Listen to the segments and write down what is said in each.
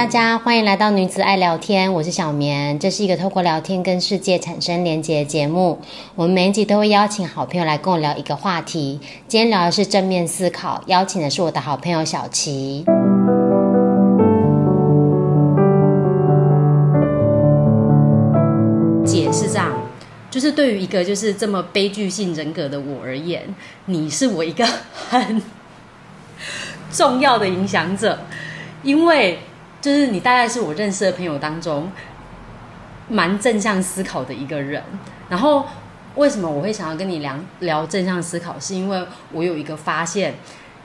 大家歡迎來到女子愛聊天，我是小綿。這是一個透過聊天跟世界產生連結的節目。我們每一集都會邀請好朋友來跟我聊一個話題。今天聊的是正面思考，邀請的是我的好朋友小琪。姐是這樣，就是對於一個就是這麼悲劇性人格的我而言，你是我一個很重要的影響者，因為。就是你大概是我認識的朋友當中，蠻正向思考的一個人。然後，為什麼我會想要跟你聊聊正向思考？是因為我有一個發現，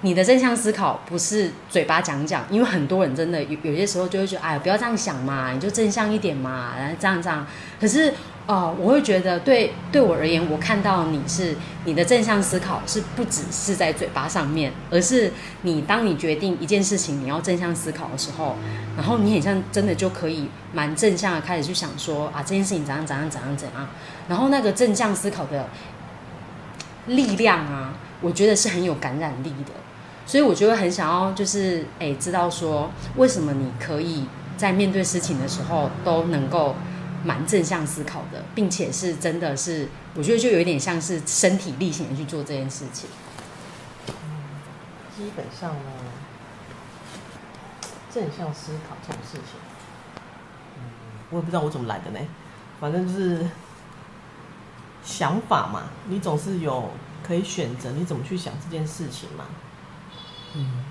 你的正向思考不是嘴巴講講，因為很多人真的有有些時候就會覺得，哎，不要這樣想嘛，你就正向一點嘛，然後這樣這樣。可是。哦，我會覺得對，對我而言，我看到你是你的正向思考是不只是在嘴巴上面，而是你當你決定一件事情，你要正向思考的時候，然後你很像真的就可以蠻正向的開始去想說啊，這件事情怎樣怎樣怎樣怎樣，然後那個正向思考的力量啊，我覺得是很有感染力的，所以我就會很想要就是哎，知道說為什麼你可以在面對事情的時候都能夠。蠻正向思考的，並且是真的是，我覺得就有點像是身體力行的去做這件事情。嗯，基本上呢，正向思考這種事情，嗯，我也不知道我怎麼來的呢，反正就是想法嘛，你總是有可以選擇你怎麼去想這件事情嘛。嗯，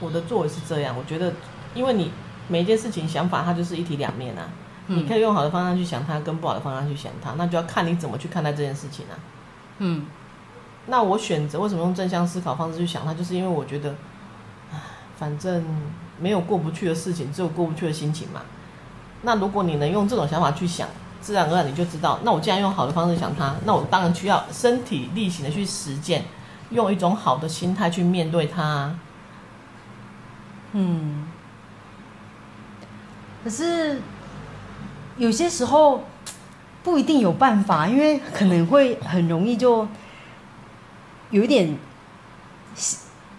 我的作為是這樣，我覺得，因為你每一件事情想法它就是一體兩面啊。你可以用好的方向去想它，跟不好的方向去想它，那就要看你怎麼去看待這件事情啊。嗯，那我選擇為什麼用正向思考方式去想它，就是因為我覺得，唉，反正沒有過不去的事情，只有過不去的心情嘛。那如果你能用這種想法去想，自然而然你就知道，那我既然用好的方式想它，那我當然需要身體力行的去實踐，用一種好的心態去面對它啊。嗯，可是。有些時候不一定有辦法，因為可能會很容易就有一點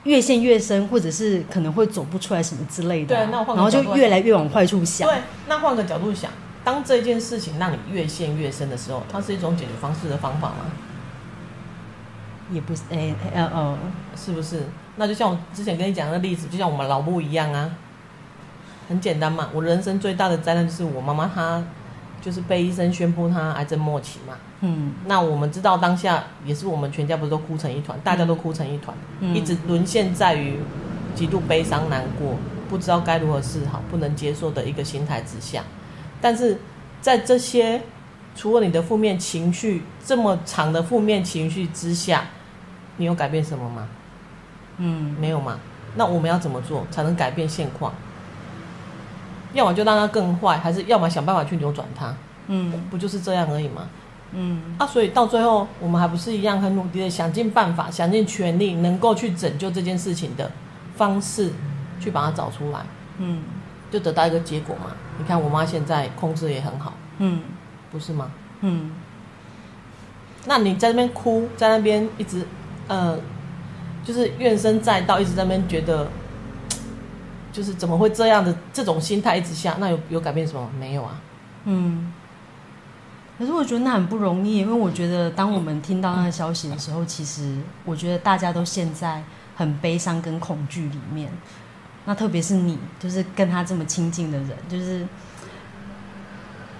越陷越深，或者是可能會走不出來什麼之類的啊。對，那換個角度，然後就越來越往壞處想。對，那換個角度想，當這件事情讓你越陷越深的時候，它是一種解決方式的方法嗎？也不是，哎，呃，哦，o、是不是？那就像我之前跟你講的例子，就像我們老布一樣啊。很簡單嘛，我人生最大的災難就是我媽媽，她就是被醫生宣布她癌症末期嘛。嗯。那我們知道當下也是我們全家不是都哭成一團，嗯、大家都哭成一團，嗯、一直淪陷在於極度悲傷、難過，不知道該如何是好、不能接受的一個心態之下。但是在這些除了你的負面情緒這麼長的負面情緒之下，你有改變什麼嗎？嗯，沒有嘛。那我們要怎麼做才能改變現況？要麼就讓它更壞，還是要麼想辦法去扭轉它，嗯，不就是這樣而已嗎？嗯，啊，所以到最後我們還不是一樣很努力的，想盡辦法、想盡全力，能夠去拯救這件事情的方式，去把它找出來，嗯，就得到一個結果嘛。你看我媽現在控制也很好，嗯，不是嗎？嗯，那你在那邊哭，在那邊一直，呃，就是怨聲載道，一直在那邊覺得。就是怎麼會這樣的？這種心態一直下，那有有改變什麼？沒有啊。嗯。可是我覺得那很不容易，因為我覺得當我們聽到那個消息的時候，嗯、其實我覺得大家都陷在很悲傷跟恐懼裡面。那特別是你，就是跟他這麼親近的人，就是。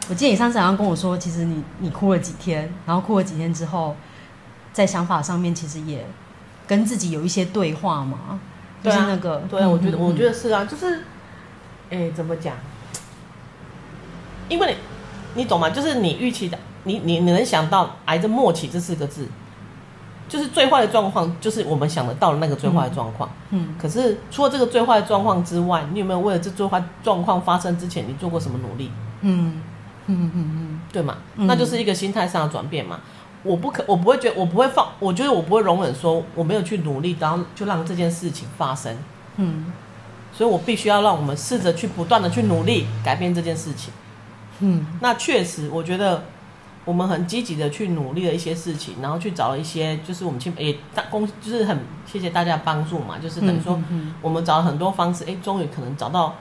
我記得你上次好像跟我說，其實你你哭了幾天，然後哭了幾天之後，在想法上面其實也跟自己有一些對話嘛。對啊，那個對啊，我覺得我覺得是啊，嗯嗯就是，哎、欸，怎麼講？因為你，你懂嗎？就是你預期的，你你你能想到癌症末期這四個字，就是最壞的狀況，就是我們想得到的那個最壞的狀況。嗯，嗯。可是除了這個最壞的狀況之外，你有沒有為了這最壞狀況發生之前，你做過什麼努力？嗯嗯嗯嗯，對嘛？那就是一個心態上的轉變嘛。我不可，我不會覺得，我不會放，我覺得我不會容忍說我沒有去努力，然後就讓這件事情發生。嗯，所以我必須要讓我們試着去不斷的去努力改變這件事情。嗯，那確實，我覺得我們很積極的去努力了一些事情，然後去找了一些，就是我們親，哎，大公，就是很謝謝大家的幫助嘛，就是等於說、嗯嗯嗯、我們找了很多方式，哎，終於可能找到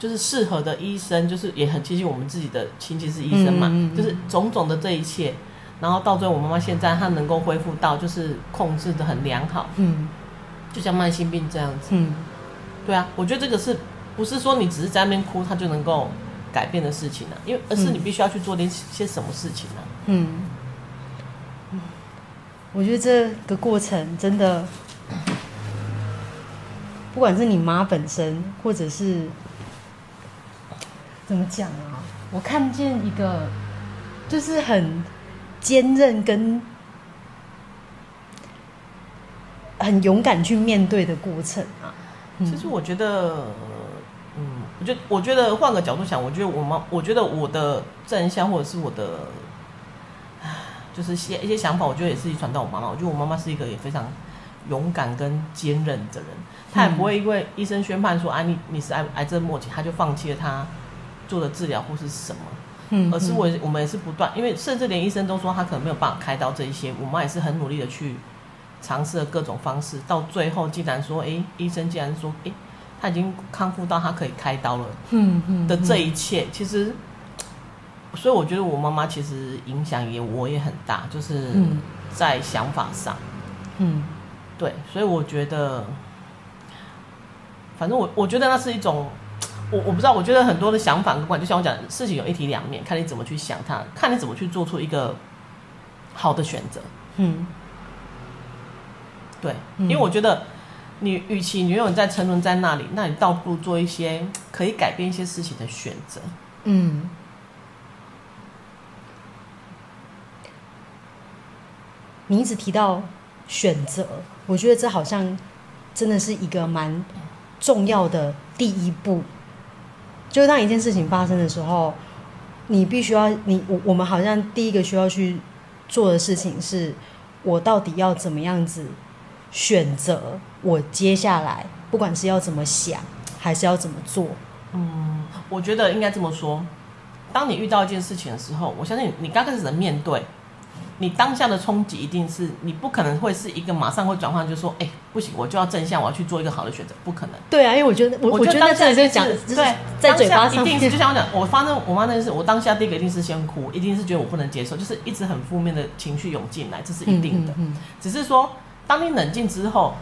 就是適合的醫生，就是也很慶幸我們自己的親戚是醫生嘛，嗯嗯、就是種種的這一切。然後到最後，我媽媽現在她能夠恢復到，就是控制得很良好。嗯，就像慢性病這樣子。嗯，對啊，我覺得這個是，不是說你只是在那邊哭，她就能夠改變的事情啊，因為而是你必須要去做點些什麼事情啊。嗯，嗯，我覺得這個過程真的，不管是你媽本身，或者是怎麼講啊，我看見一個就是很。堅韌跟很勇敢去面對的過程啊，嗯、其實我覺得，嗯，我覺得我覺得換個角度想，我覺得我媽，我覺得我的正向或者是我的，就是一些一些想法，我覺得也是遺傳到我媽媽。我覺得我媽媽是一個也非常勇敢跟堅韌的人，嗯、她也不會因為醫生宣判說啊，你你是癌癌症末期，她就放棄了她做的治療或是什麼。嗯，而是我哼哼我們也是不斷，因為甚至連醫生都說他可能沒有辦法開刀這一些，我媽也是很努力的去嘗試了各種方式，到最後竟然說，哎、欸，醫生竟然說，哎、欸，他已經康復到他可以開刀了，嗯嗯的這一切，哼哼哼其實，所以我覺得我媽媽其實影響也我也很大，就是在想法上，嗯哼，對，所以我覺得，反正我我覺得那是一種。我我不知道，我覺得很多的想法，不管就像我講的，事情有一體兩面，看你怎麼去想它，看你怎麼去做出一個好的選擇。嗯，對，嗯、因為我覺得你，與其你永遠在沉淪在那裡，那你倒不如做一些可以改變一些事情的選擇。嗯，你一直提到選擇，我覺得這好像真的是一個蠻重要的第一步。就當一件事情發生的時候，你必須要，你我我們好像第一個需要去做的事情是，我到底要怎麼樣子選擇？我接下來不管是要怎麼想，還是要怎麼做？嗯，我覺得應該這麼說，當你遇到一件事情的時候，我相信你剛開始的面對。你當下的衝擊一定是，你不可能會是一個馬上會轉換，就是說，哎、欸，不行，我就要正向，我要去做一個好的選擇，不可能。對啊，因為我覺得，我，我，就當下我覺得這在是，講是對，在嘴巴上一定是，這樣。就像我講，我發生我媽那件事，我當下第一個一定是先哭，一定是覺得我不能接受，就是一直很負面的情緒湧進來，這是一定的。嗯嗯嗯、只是說，當你冷靜之後，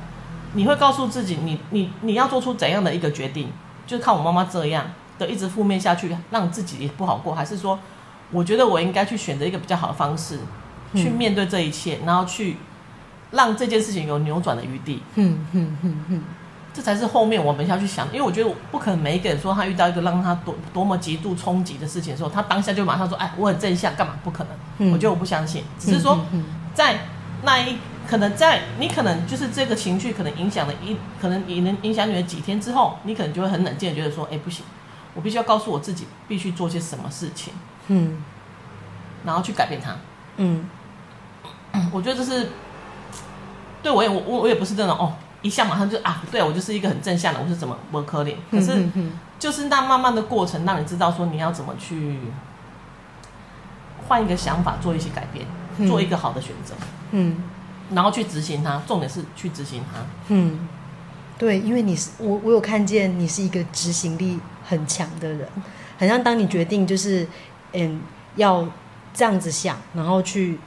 你會告訴自己，你你你要做出怎樣的一個決定？就看我媽媽這樣的一直負面下去，讓自己也不好過，還是說，我覺得我應該去選擇一個比較好的方式。去面對這一切，然後去讓這件事情有扭轉的餘地。嗯嗯嗯嗯、這才是後面我們要去想的。因為我覺得，我不可能每一個人說他遇到一個讓他多多麼極度衝擊的事情，的時候，他當下就馬上說，哎，我很正向，幹嘛？不可能。嗯、我覺得我不相信。只是說，嗯嗯嗯嗯、在那一可能在你可能就是這個情緒，可能影響了一，可能也能影響你的幾天之後，你可能就會很冷靜地覺得說，哎，不行，我必須要告訴我自己，必須做些什麼事情。嗯、然後去改變他。嗯。我覺得這是，對我也我我也不是這種哦，一下馬上就啊，對啊，我就是一個很正向的，我是怎麼我可憐，可是就是那慢慢的過程，讓你知道說你要怎麼去換一個想法，做一些改變，嗯嗯、做一個好的選擇，嗯，嗯然後去執行它。重點是去執行它。嗯，對，因為你是我我有看見你是一個執行力很強的人，好像當你決定就是嗯要這樣子想，然後去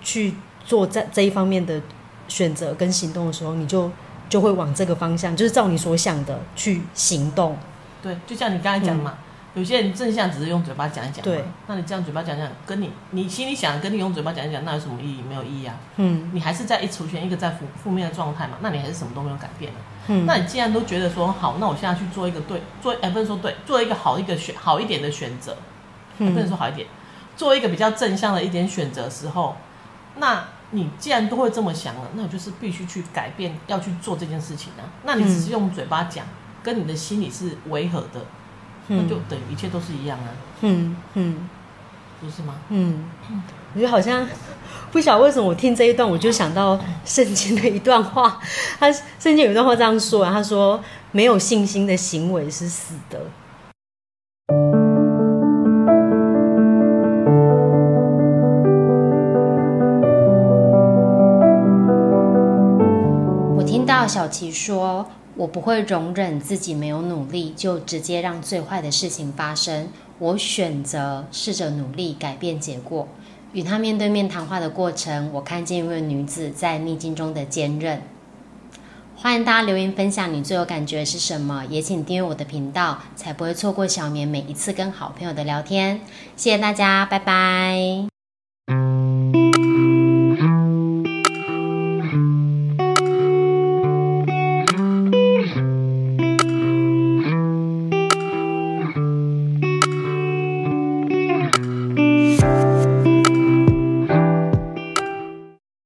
去。做在這一方面的選擇跟行動的時候，你就就會往這個方向，就是照你所想的去行動。對，就像你剛才講嘛，嗯、有些人正向只是用嘴巴講一講。對。那你這樣嘴巴講講，跟你你心裡想，跟你用嘴巴講一講，那有什麼意義？沒有意義啊。嗯。你還是在一出現一個在負負面的狀態嘛？那你還是什麼都沒有改變、啊、嗯。那你既然都覺得說好，那我現在去做一個對做哎不能說對做一個好一個選好一點的選擇、嗯，不能說好一點，做一個比較正向的一點選擇時候，那。你既然都會這麼想了、啊，那就是必須去改變，要去做這件事情啊！那你只是用嘴巴講，跟你的心理是違和的，嗯、那就等於一切都是一樣啊！嗯嗯，嗯不是嗎？嗯嗯，我覺得好像不曉得為什麼我聽這一段，我就想到聖經的一段話。他聖經有一段話這樣說啊：“他說，沒有信心的行為是死的。”小琪說：“我不會容忍自己沒有努力就直接讓最壞的事情發生。我選擇試着努力改變結果。與他面對面談話的過程，我看見一位女子在逆境中的堅韌。歡迎大家留言分享你最有感覺的是什麼，也請訂閱我的頻道，才不會錯過小綿每一次跟好朋友的聊天。謝謝大家，拜拜。”